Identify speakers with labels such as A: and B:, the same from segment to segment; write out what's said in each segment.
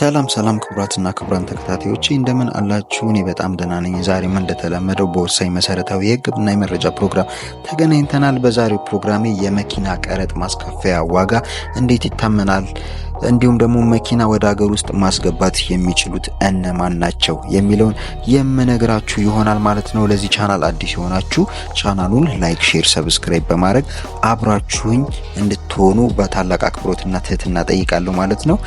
A: ሰላም ሰላም ክቡራትና ክቡራን ተከታታዮቼ እንደምን አላችሁ? እኔ በጣም ደህና ነኝ። ዛሬም እንደተለመደው በወሳኝ መሰረታዊ የሕግና የመረጃ ፕሮግራም ተገናኝተናል። በዛሬው ፕሮግራሜ የመኪና ቀረጥ ማስከፈያ ዋጋ እንዴት ይታመናል፣ እንዲሁም ደግሞ መኪና ወደ ሀገር ውስጥ ማስገባት የሚችሉት እነማን ናቸው የሚለውን የምነግራችሁ ይሆናል ማለት ነው። ለዚህ ቻናል አዲስ የሆናችሁ ቻናሉን ላይክ፣ ሼር፣ ሰብስክራይብ በማድረግ አብራችሁኝ እንድትሆኑ በታላቅ አክብሮትና ትህትና ጠይቃለሁ ማለት ነው።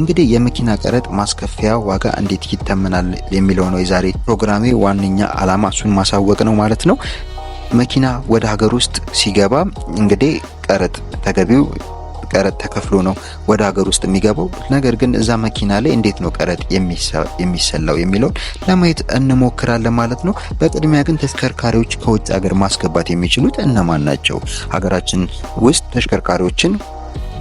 A: እንግዲህ የመኪና ቀረጥ ማስከፈያ ዋጋ እንዴት ይተመናል የሚለው ነው የዛሬ ፕሮግራሜ ዋነኛ ዓላማ እሱን ማሳወቅ ነው ማለት ነው። መኪና ወደ ሀገር ውስጥ ሲገባ እንግዲህ ቀረጥ ተገቢው ቀረጥ ተከፍሎ ነው ወደ ሀገር ውስጥ የሚገባው። ነገር ግን እዛ መኪና ላይ እንዴት ነው ቀረጥ የሚሰላው የሚለውን ለማየት እንሞክራለን ማለት ነው። በቅድሚያ ግን ተሽከርካሪዎች ከውጭ ሀገር ማስገባት የሚችሉት እነማን ናቸው? ሀገራችን ውስጥ ተሽከርካሪዎችን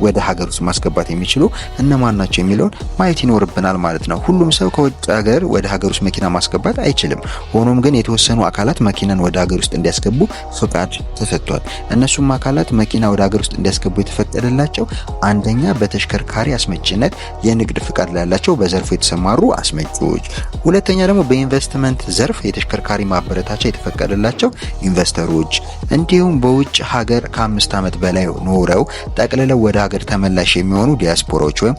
A: ወደ ሀገር ውስጥ ማስገባት የሚችሉ እነማን ናቸው የሚለውን ማየት ይኖርብናል ማለት ነው። ሁሉም ሰው ከውጭ ሀገር ወደ ሀገር ውስጥ መኪና ማስገባት አይችልም። ሆኖም ግን የተወሰኑ አካላት መኪናን ወደ ሀገር ውስጥ እንዲያስገቡ ፍቃድ ተሰጥቷል። እነሱም አካላት መኪና ወደ ሀገር ውስጥ እንዲያስገቡ የተፈቀደላቸው አንደኛ በተሽከርካሪ አስመጭነት የንግድ ፍቃድ ላላቸው በዘርፉ የተሰማሩ አስመጪዎች፣ ሁለተኛ ደግሞ በኢንቨስትመንት ዘርፍ የተሽከርካሪ ማበረታቻ የተፈቀደላቸው ኢንቨስተሮች፣ እንዲሁም በውጭ ሀገር ከአምስት ዓመት በላይ ኖረው ጠቅልለው ወደ ሀገር ተመላሽ የሚሆኑ ዲያስፖራዎች ወይም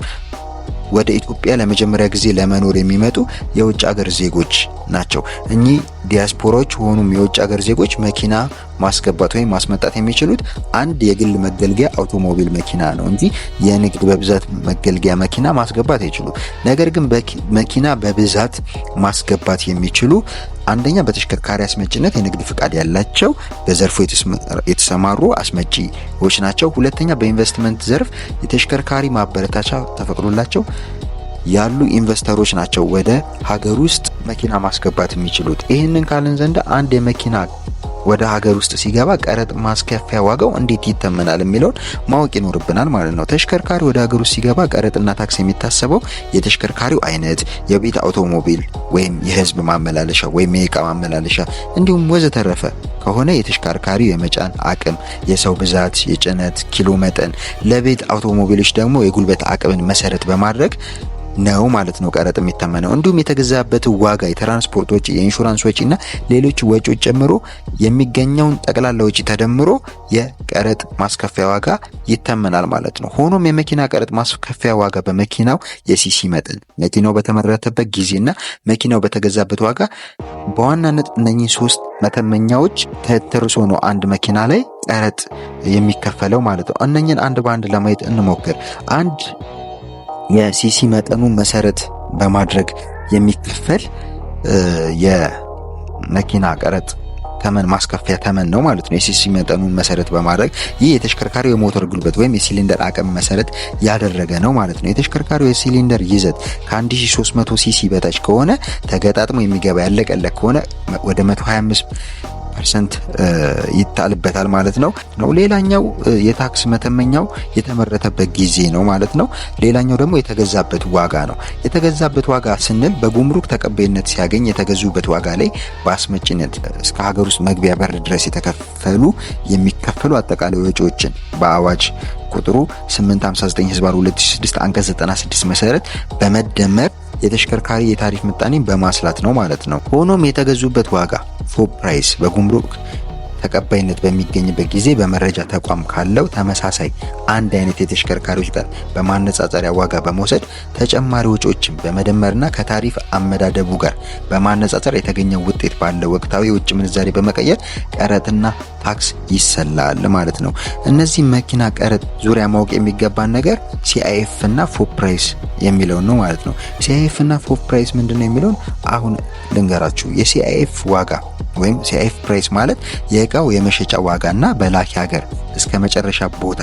A: ወደ ኢትዮጵያ ለመጀመሪያ ጊዜ ለመኖር የሚመጡ የውጭ ሀገር ዜጎች ናቸው። እኚህ ዲያስፖራዎች ሆኑም የውጭ ሀገር ዜጎች መኪና ማስገባት ወይም ማስመጣት የሚችሉት አንድ የግል መገልገያ አውቶሞቢል መኪና ነው እንጂ የንግድ በብዛት መገልገያ መኪና ማስገባት አይችሉ። ነገር ግን መኪና በብዛት ማስገባት የሚችሉ አንደኛ በተሽከርካሪ አስመጭነት የንግድ ፍቃድ ያላቸው በዘርፉ የተሰማሩ አስመጪዎች ናቸው። ሁለተኛ በኢንቨስትመንት ዘርፍ የተሽከርካሪ ማበረታቻ ተፈቅዶላቸው ያሉ ኢንቨስተሮች ናቸው። ወደ ሀገር ውስጥ መኪና ማስገባት የሚችሉት። ይህንን ካልን ዘንድ አንድ የመኪና ወደ ሀገር ውስጥ ሲገባ ቀረጥ ማስከፊያ ዋጋው እንዴት ይተመናል የሚለውን ማወቅ ይኖርብናል ማለት ነው። ተሽከርካሪ ወደ ሀገር ውስጥ ሲገባ ቀረጥና ታክስ የሚታሰበው የተሽከርካሪው አይነት፣ የቤት አውቶሞቢል ወይም የህዝብ ማመላለሻ ወይም የእቃ ማመላለሻ እንዲሁም ወዘተረፈ ከሆነ የተሽከርካሪው የመጫን አቅም፣ የሰው ብዛት፣ የጭነት ኪሎ መጠን፣ ለቤት አውቶሞቢሎች ደግሞ የጉልበት አቅምን መሰረት በማድረግ ነው ማለት ነው ቀረጥ የሚተመነው። እንዲሁም የተገዛበት ዋጋ፣ የትራንስፖርት ወጪ፣ የኢንሹራንስ ወጪ እና ሌሎች ወጪዎች ጨምሮ የሚገኘውን ጠቅላላ ወጪ ተደምሮ የቀረጥ ማስከፈያ ዋጋ ይተመናል ማለት ነው። ሆኖም የመኪና ቀረጥ ማስከፈያ ዋጋ በመኪናው የሲሲ መጠን፣ መኪናው በተመረተበት ጊዜና መኪናው በተገዛበት ዋጋ በዋናነት እነኚህ ሶስት መተመኛዎች ተተርሶ ነው አንድ መኪና ላይ ቀረጥ የሚከፈለው ማለት ነው። እነኝን አንድ በአንድ ለማየት እንሞክር። አንድ የሲሲ መጠኑን መሰረት በማድረግ የሚከፈል የመኪና ቀረጥ ተመን ማስከፊያ ተመን ነው ማለት ነው። የሲሲ መጠኑን መሰረት በማድረግ ይህ የተሽከርካሪው የሞተር ጉልበት ወይም የሲሊንደር አቅም መሰረት ያደረገ ነው ማለት ነው። የተሽከርካሪው የሲሊንደር ይዘት ከ1300 ሲሲ በታች ከሆነ ተገጣጥሞ የሚገባ ያለቀለቅ ከሆነ ወደ 125 ፐርሰንት ይጣልበታል ማለት ነው ነው ሌላኛው የታክስ መተመኛው የተመረተበት ጊዜ ነው ማለት ነው። ሌላኛው ደግሞ የተገዛበት ዋጋ ነው። የተገዛበት ዋጋ ስንል በጉምሩክ ተቀባይነት ሲያገኝ የተገዙበት ዋጋ ላይ በአስመጭነት እስከ ሀገር ውስጥ መግቢያ በር ድረስ የተከፈሉ የሚከፈሉ አጠቃላይ ወጪዎችን በአዋጅ ቁጥሩ 859 ህዝባር 2006 አንቀጽ 96 መሰረት በመደመር የተሽከርካሪ የታሪፍ ምጣኔን በማስላት ነው ማለት ነው። ሆኖም የተገዙበት ዋጋ ፎ ፕራይስ በጉምሩክ ተቀባይነት በሚገኝበት ጊዜ በመረጃ ተቋም ካለው ተመሳሳይ አንድ አይነት የተሽከርካሪዎች ጋር በማነጻጸሪያ ዋጋ በመውሰድ ተጨማሪ ወጪዎችን በመደመርና ከታሪፍ አመዳደቡ ጋር በማነጻጸር የተገኘው ውጤት ባለው ወቅታዊ የውጭ ምንዛሬ በመቀየር ቀረጥና ታክስ ይሰላል ማለት ነው። እነዚህ መኪና ቀረጥ ዙሪያ ማወቅ የሚገባን ነገር ሲአይኤፍ እና ፉድ ፕራይስ የሚለውን ነው ማለት ነው። ሲአይኤፍ እና ፉድ ፕራይስ ምንድን ነው የሚለውን አሁን ልንገራችሁ። የሲአይኤፍ ዋጋ ወይም ሲአይኤፍ ፕራይስ ማለት የእቃው የመሸጫ ዋጋና በላኪ ሀገር እስከ መጨረሻ ቦታ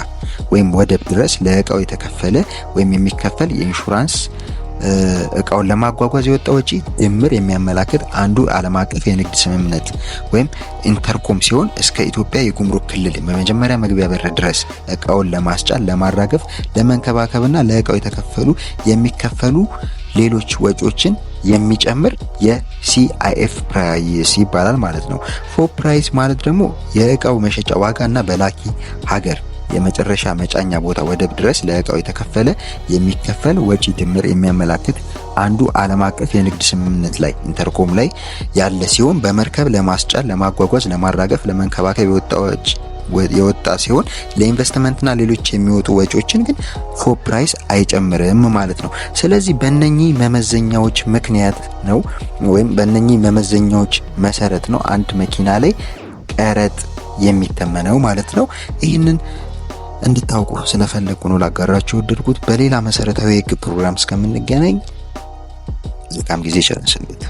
A: ወይም ወደብ ድረስ ለእቃው የተከፈለ ወይም የሚከፈል የኢንሹራንስ እቃውን ለማጓጓዝ የወጣ ወጪ ድምር የሚያመላክት አንዱ ዓለም አቀፍ የንግድ ስምምነት ወይም ኢንተርኮም ሲሆን እስከ ኢትዮጵያ የጉምሩክ ክልል በመጀመሪያ መግቢያ በር ድረስ እቃውን ለማስጫን፣ ለማራገፍ፣ ለመንከባከብና ለእቃው የተከፈሉ የሚከፈሉ ሌሎች ወጪዎችን የሚጨምር የሲአይኤፍ ፕራይስ ይባላል ማለት ነው። ፎ ፕራይስ ማለት ደግሞ የእቃው መሸጫ ዋጋ እና በላኪ ሀገር የመጨረሻ መጫኛ ቦታ ወደብ ድረስ ለእቃው የተከፈለ የሚከፈል ወጪ ድምር የሚያመላክት አንዱ ዓለም አቀፍ የንግድ ስምምነት ላይ ኢንተርኮም ላይ ያለ ሲሆን በመርከብ ለማስጫል፣ ለማጓጓዝ፣ ለማራገፍ፣ ለመንከባከብ ወጪ የወጣ ሲሆን ለኢንቨስትመንትና ሌሎች የሚወጡ ወጪዎችን ግን ፎ ፕራይስ አይጨምርም ማለት ነው። ስለዚህ በእነኚህ መመዘኛዎች ምክንያት ነው ወይም በእነኚህ መመዘኛዎች መሰረት ነው አንድ መኪና ላይ ቀረጥ የሚተመነው ማለት ነው። ይህንን እንድታውቁ ስለፈለግኩ ነው ላጋራችሁ ወደድኩት። በሌላ መሰረታዊ የህግ ፕሮግራም እስከምንገናኝ መልካም ጊዜ ቸረን